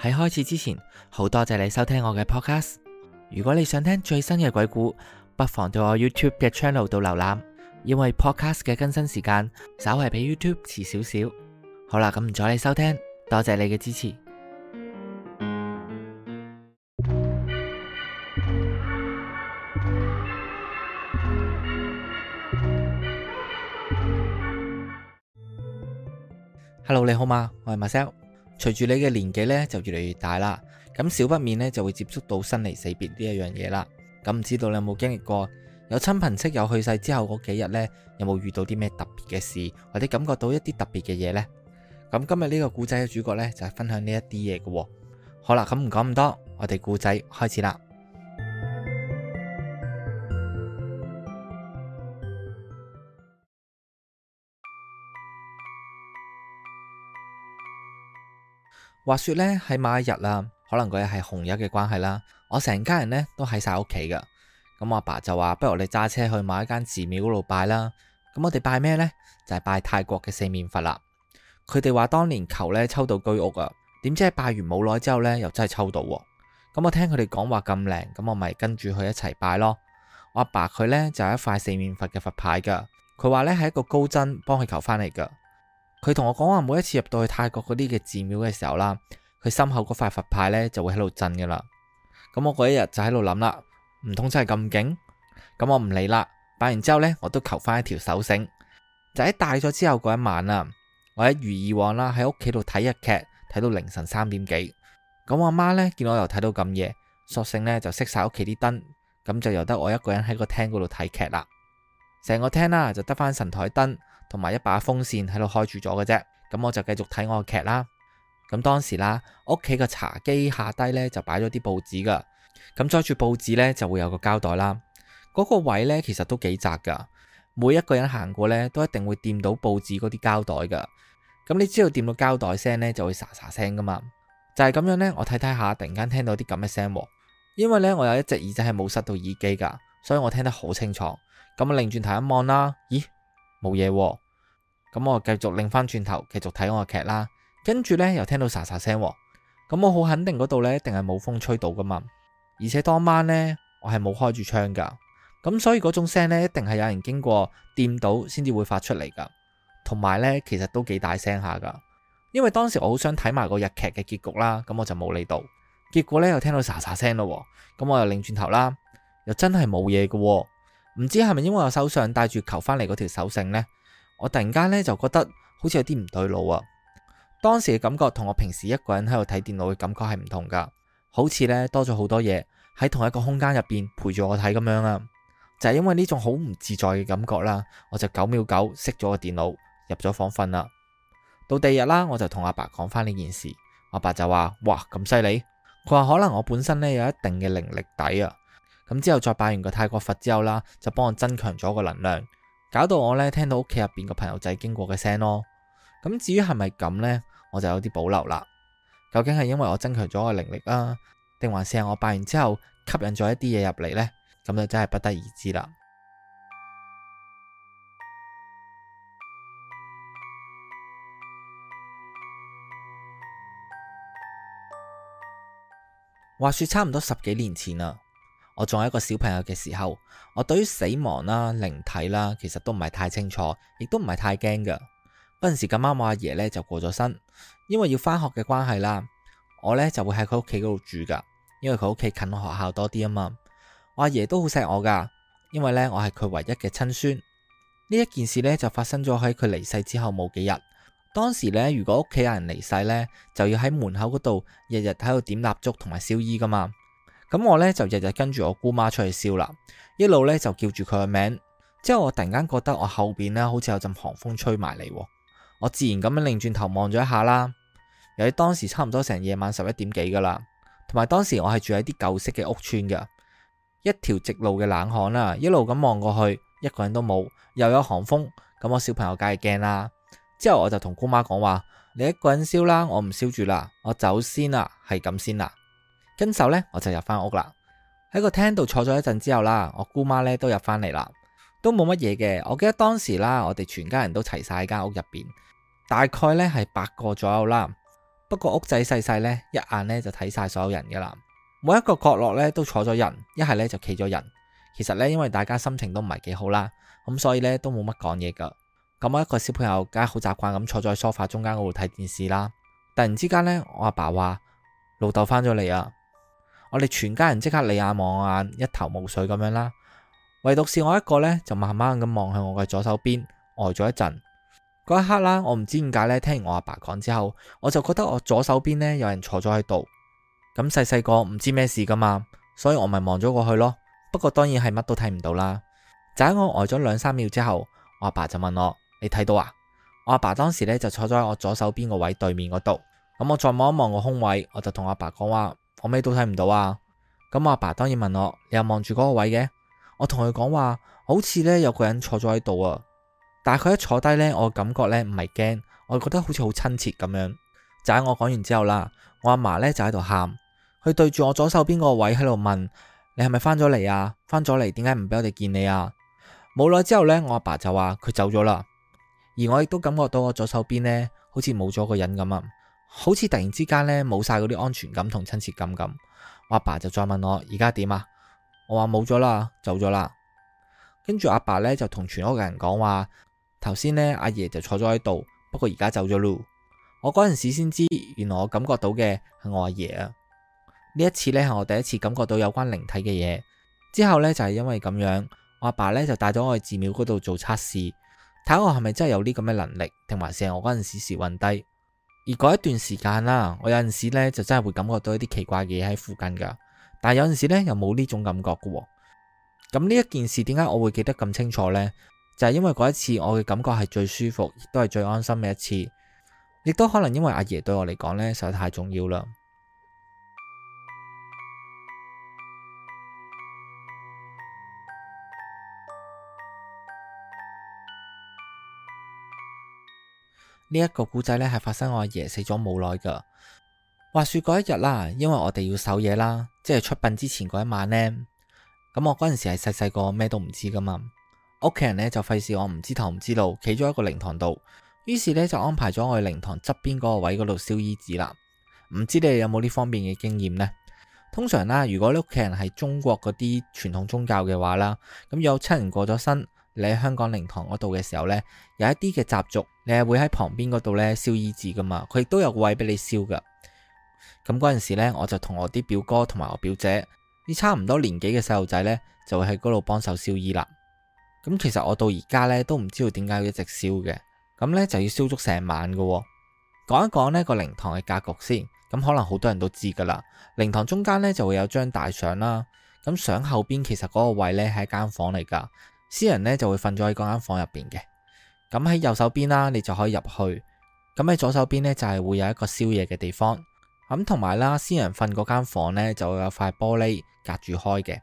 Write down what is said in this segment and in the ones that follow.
喺開始之前，好多謝你收聽我嘅 podcast。如果你想聽最新嘅鬼故，不妨到我 YouTube 嘅 channel 度瀏覽，因為 podcast 嘅更新時間稍為比 YouTube 遲少少。好啦，咁唔阻你收聽，多謝你嘅支持。Hello，你好嘛？我係 Marcel。隨住你嘅年紀呢就越嚟越大啦。咁少不免呢就會接觸到生離死別呢一樣嘢啦。咁唔知道你有冇經歷過？有親朋戚友去世之後嗰幾日呢，有冇遇到啲咩特別嘅事，或者感覺到一啲特別嘅嘢呢？咁今日呢個故仔嘅主角呢，就係分享呢一啲嘢嘅。好啦，咁唔講咁多，我哋故仔開始啦。話說咧喺某一日啦、啊，可能嗰日係紅日嘅關係啦，我成家人咧都喺晒屋企噶。咁我阿爸、爸就話，不如我哋揸車去某一間寺廟嗰度拜啦。咁我哋拜咩呢？就係、是、拜泰國嘅四面佛啦。佢哋話當年求咧抽到居屋啊，點知係拜完冇耐之後咧又真係抽到、啊。咁我聽佢哋講話咁靚，咁我咪跟住佢一齊拜咯。我阿爸佢咧就係一塊四面佛嘅佛牌噶，佢話咧係一個高僧幫佢求翻嚟噶。佢同我講話，每一次入到去泰國嗰啲嘅寺廟嘅時候啦，佢心口嗰塊佛牌呢就會喺度震噶啦。咁我嗰一日就喺度諗啦，唔通真係咁勁？咁我唔理啦，拜完之後呢，我都求翻一條手繩。就喺大咗之後嗰一晚啊，我一如以往啦，喺屋企度睇日劇，睇到凌晨三點幾。咁我阿媽呢，見我又睇到咁夜，索性呢就熄晒屋企啲燈，咁就由得我一個人喺個廳嗰度睇劇啦。成個廳啦就得翻神台燈。同埋一把風扇喺度開住咗嘅啫，咁我就繼續睇我嘅劇啦。咁當時啦，屋企個茶几下低呢就擺咗啲報紙噶，咁載住報紙呢就會有個膠袋啦。嗰個位呢其實都幾窄噶，每一個人行過呢都一定會掂到報紙嗰啲膠袋噶。咁你知道掂到膠袋聲呢就會沙沙聲噶嘛，就係咁樣呢，我睇睇下，突然間聽到啲咁嘅聲，因為呢，我有一隻耳仔係冇塞到耳機噶，所以我聽得好清楚。咁我擰轉頭一望啦，咦？冇嘢喎，咁、啊、我繼續擰翻轉頭繼續睇我嘅劇啦，跟住呢，又聽到沙沙聲、啊，咁我好肯定嗰度呢一定係冇風吹到噶嘛，而且當晚呢，我係冇開住窗噶，咁所以嗰種聲呢，一定係有人經過掂到先至會發出嚟噶，同埋呢，其實都幾大聲下噶，因為當時我好想睇埋個日劇嘅結局啦，咁我就冇理到，結果呢，又聽到沙沙聲咯、啊，咁我又擰轉頭啦，又真係冇嘢噶。唔知係咪因為我手上戴住求返嚟嗰條手繩呢？我突然間呢，就覺得好似有啲唔對路啊！當時嘅感覺同我平時一個人喺度睇電腦嘅感覺係唔同噶，好似呢，多咗好多嘢喺同一個空間入邊陪住我睇咁樣啊！就係、是、因為呢種好唔自在嘅感覺啦，我就九秒九熄咗個電腦，入咗房瞓啦。到第二日啦，我就同阿爸講翻呢件事，阿爸，爸就話：哇，咁犀利！佢話可能我本身呢，有一定嘅靈力底啊。咁之後再拜完個泰國佛之後啦，就幫我增強咗個能量，搞到我呢，聽到屋企入邊個朋友仔經過嘅聲咯。咁至於係咪咁呢？我就有啲保留啦。究竟係因為我增強咗個靈力啊，定還是係我拜完之後吸引咗一啲嘢入嚟呢？咁就真係不得而知啦。 話說差唔多十幾年前啦。我仲係一個小朋友嘅時候，我對於死亡啦、靈體啦，其實都唔係太清楚，亦都唔係太驚噶。嗰陣時咁啱我阿爺咧，就過咗身，因為要翻學嘅關係啦，我咧就會喺佢屋企嗰度住噶，因為佢屋企近學校多啲啊嘛。我阿爺都好錫我噶，因為咧我係佢唯一嘅親孫。呢一件事咧就發生咗喺佢離世之後冇幾日。當時咧，如果屋企有人離世咧，就要喺門口嗰度日日喺度點蠟燭同埋燒衣噶嘛。咁我咧就日日跟住我姑媽出去燒啦，一路咧就叫住佢個名。之後我突然間覺得我後邊咧好似有陣寒風吹埋嚟，我自然咁樣擰轉頭望咗一下啦。由喺當時差唔多成夜晚十一點幾噶啦，同埋當時我係住喺啲舊式嘅屋村嘅，一條直路嘅冷巷啦，一路咁望過去，一個人都冇，又有寒風，咁我小朋友梗係驚啦。之後我就同姑媽講話，你一個人燒啦，我唔燒住啦，我走先啦，係咁先啦。跟手咧，我就入翻屋啦。喺個廳度坐咗一陣之後啦，我姑媽咧都入翻嚟啦，都冇乜嘢嘅。我記得當時啦，我哋全家人都齊晒喺間屋入邊，大概咧係八個左右啦。不過屋仔細細咧，一眼咧就睇晒所有人噶啦。每一個角落咧都坐咗人，一係咧就企咗人。其實咧，因為大家心情都唔係幾好啦，咁所以咧都冇乜講嘢噶。咁我一個小朋友梗係好習慣咁坐在梳化中間嗰度睇電視啦。突然之間咧，我阿爸話，老豆翻咗嚟啊！我哋全家人即刻你眼望眼，一頭霧水咁樣啦。唯獨是我一個呢，就慢慢咁望向我嘅左手邊，呆咗一陣。嗰一刻啦，我唔知點解呢，聽完我阿爸講之後，我就覺得我左手邊呢有人坐咗喺度。咁細細個唔知咩事噶嘛，所以我咪望咗過去咯。不過當然係乜都睇唔到啦。就喺我呆咗兩三秒之後，我阿爸就問我：你睇到啊？我阿爸當時呢就坐咗喺我左手邊個位對面嗰度。咁我再望一望個空位，我就同阿爸講話。我咩都睇唔到啊！咁我阿爸當然問我，你又望住嗰個位嘅？我同佢講話，好似呢有個人坐咗喺度啊！但係佢一坐低呢，我感覺呢唔係驚，我覺得好似好親切咁樣。就喺我講完之後啦，我阿嫲呢就喺度喊，佢對住我左手邊個位喺度問：你係咪返咗嚟啊？返咗嚟點解唔俾我哋見你啊？冇耐之後呢，我阿爸就話佢走咗啦，而我亦都感覺到我左手邊呢好似冇咗個人咁啊！好似突然之間呢，冇晒嗰啲安全感同親切感咁，我阿爸、爸就再問我而家點啊？我話冇咗啦，走咗啦。爸爸跟住阿爸呢，就同全屋嘅人講話，頭先呢，阿爺就坐咗喺度，不過而家走咗咯。我嗰陣時先知，原來我感覺到嘅係我阿爺啊。呢一次呢，係我第一次感覺到有關靈體嘅嘢，之後呢，就係因為咁樣，我阿爸呢，就帶咗我去寺廟嗰度做測試，睇下我係咪真係有呢咁嘅能力，定還是係我嗰陣時時運低。而嗰一段時間啦，我有陣時咧就真係會感覺到一啲奇怪嘅嘢喺附近噶，但有陣時咧又冇呢種感覺噶。咁呢一件事點解我會記得咁清楚呢？就係因為嗰一次我嘅感覺係最舒服，亦都係最安心嘅一次，亦都可能因為阿爺對我嚟講呢實在太重要啦。呢一個古仔咧，係發生我阿爺死咗冇耐噶話說嗰一日啦，因為我哋要守夜啦，即係出殯之前嗰一晚呢。咁我嗰陣時係細細個，咩都唔知噶嘛，屋企人呢，就費事我唔知頭唔知路，企咗一個靈堂度，於是呢，就安排咗我去靈堂側邊嗰個位嗰度燒衣紙啦。唔知你有冇呢方面嘅經驗呢？通常啦，如果你屋企人係中國嗰啲傳統宗教嘅話啦，咁有親人過咗身。你喺香港靈堂嗰度嘅時候呢，有一啲嘅習俗，你係會喺旁邊嗰度呢燒衣紙㗎嘛，佢亦都有個位俾你燒㗎。咁嗰陣時呢，我就同我啲表哥同埋我表姐啲差唔多年紀嘅細路仔呢，就會喺嗰度幫手燒衣啦。咁其實我到而家呢，都唔知道點解要一直燒嘅，咁呢，就要燒足成晚嘅，哦。講一講呢，呢個靈堂嘅格局先，咁可能好多人都知㗎啦。靈堂中間呢，就會有張大相啦，咁相後邊其實嗰個位呢，係一間房嚟㗎。私人呢就會瞓咗喺嗰間房入邊嘅，咁喺右手邊啦，你就可以入去，咁喺左手邊呢，就係會有一個宵夜嘅地方，咁同埋啦，先人瞓嗰間房呢，就會有塊玻璃隔住開嘅，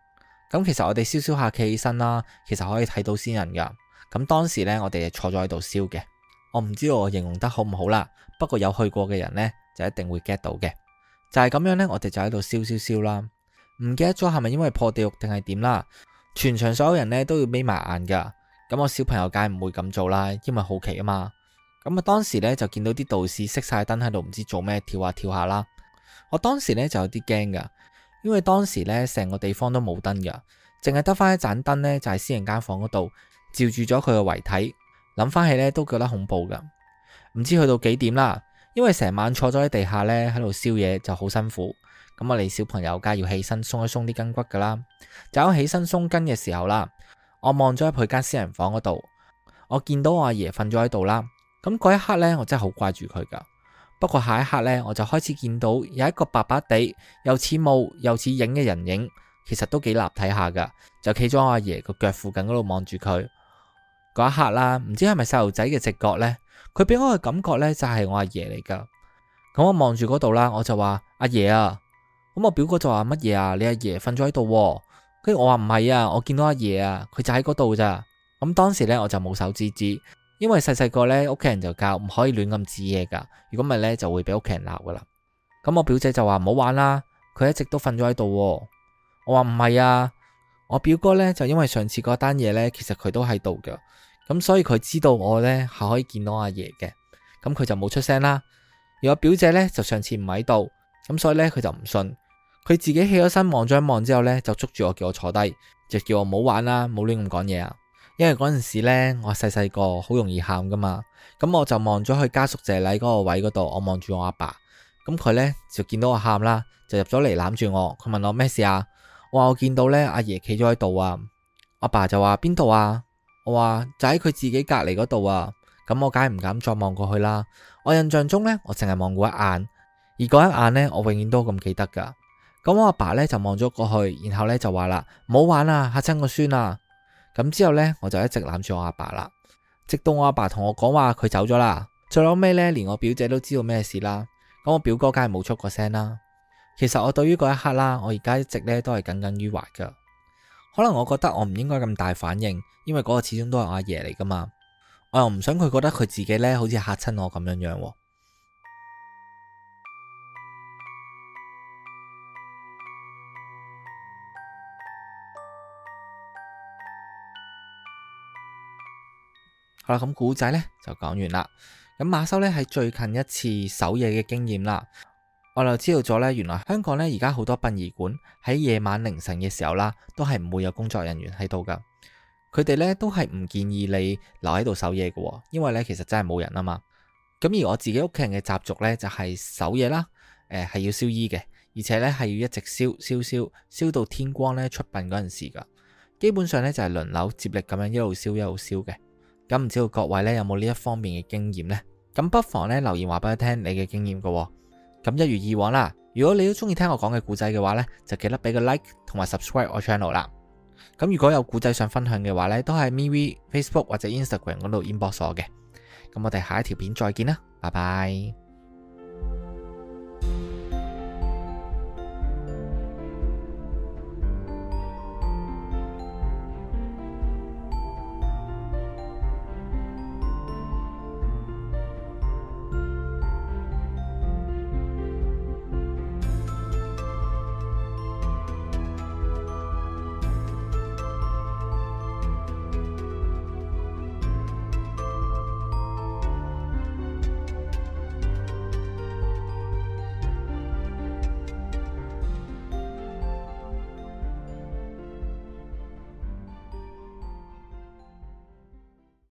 咁其實我哋燒燒下企起身啦，其實可以睇到先人噶，咁當時呢，我哋係坐咗喺度燒嘅，我唔知道我形容得好唔好啦，不過有去過嘅人呢，就一定會 get 到嘅，就係咁樣呢，我哋就喺度燒燒燒啦，唔記得咗係咪因為破地獄定係點啦？全場所有人咧都要眯埋眼噶，咁我小朋友梗係唔會咁做啦，因為好奇啊嘛。咁啊當時咧就見到啲道士熄晒燈喺度，唔知做咩跳下跳下啦。我當時咧就有啲驚噶，因為當時咧成個地方都冇燈噶，淨係得翻一盞燈咧就係私人間房嗰度照住咗佢嘅遺體。諗翻起咧都覺得恐怖噶，唔知去到幾點啦，因為成晚坐咗喺地下咧喺度燒嘢就好辛苦。咁我哋小朋友梗係要起身鬆一鬆啲筋骨噶啦。就喺起身鬆筋嘅時候啦，我望咗入去間私人房嗰度，我見到我阿爺瞓咗喺度啦。咁嗰一刻呢，我真係好掛住佢噶。不過下一刻呢，我就開始見到有一個白白地又似霧又，又似影嘅人影，其實都幾立體下噶，就企咗我阿爺個腳附近嗰度望住佢嗰一刻啦。唔知係咪細路仔嘅直覺呢？佢俾我嘅感覺呢，就係我阿爺嚟噶。咁我望住嗰度啦，我就話阿爺啊。咁我表哥就話乜嘢啊？你阿爺瞓咗喺度。跟住我話唔係啊，我見到阿爺啊，佢就喺嗰度咋。咁當時呢，我就冇手指指，因為細細個呢，屋企人就教唔可以亂咁指嘢噶，如果唔係呢，就會俾屋企人鬧噶啦。咁我表姐就話唔好玩啦，佢一直都瞓咗喺度。我話唔係啊，我表哥呢，就因為上次嗰單嘢呢，其實佢都喺度嘅，咁所以佢知道我呢，係可以見到阿爺嘅，咁佢就冇出聲啦。而我表姐呢，就上次唔喺度，咁所以呢，佢就唔信。佢自己起咗身，望咗一望之後呢，就捉住我，叫我坐低，就叫我唔好玩啦，唔好亂咁講嘢啊。因為嗰陣時咧，我細細個好容易喊噶嘛，咁我就望咗去家屬謝禮嗰個位嗰度，我望住我阿爸，爸，咁佢呢，就見到我喊啦，就入咗嚟攬住我，佢問我咩事啊？我話我見到呢阿爺企咗喺度啊，阿爸，爸就話邊度啊？我話就喺佢自己隔籬嗰度啊。咁我梗係唔敢再望過去啦。我印象中呢，我淨係望過一眼，而嗰一眼呢，我永遠都咁記得噶。咁我阿爸咧就望咗過去，然後咧就話啦：唔好玩啦，嚇親個孫啦！咁之後呢，我就一直攬住我阿爸啦，直到我阿爸同我講話佢走咗啦。最後尾呢，連我表姐都知道咩事啦。咁我表哥梗係冇出過聲啦。其實我對於嗰一刻啦，我而家一直咧都係耿耿於懷噶。可能我覺得我唔應該咁大反應，因為嗰個始終都係我阿爺嚟噶嘛。我又唔想佢覺得佢自己呢好似嚇親我咁樣樣。咁古仔呢就講完啦。咁馬修呢喺最近一次守夜嘅經驗啦，我就知道咗呢，原來香港呢而家好多殯儀館喺夜晚凌晨嘅時候啦，都係唔會有工作人員喺度噶。佢哋呢都係唔建議你留喺度守夜嘅，因為呢其實真係冇人啊嘛。咁而我自己屋企人嘅習俗呢，就係守夜啦，誒、呃、係要燒衣嘅，而且呢係要一直燒燒燒燒到天光呢出殯嗰陣時噶。基本上呢，就係輪流接力咁樣一路燒一路燒嘅。咁唔知道各位咧有冇呢一方面嘅經驗呢？咁不妨咧留言話俾我聽你嘅經驗噶。咁一如以往啦，如果你都中意聽我講嘅故仔嘅話呢，就記得俾個 like 同埋 subscribe 我 channel 啦。咁如果有故仔想分享嘅話呢，都係 MeWe Facebook 或者 Instagram 嗰度 inbox 我嘅。咁我哋下一條片再見啦，拜拜。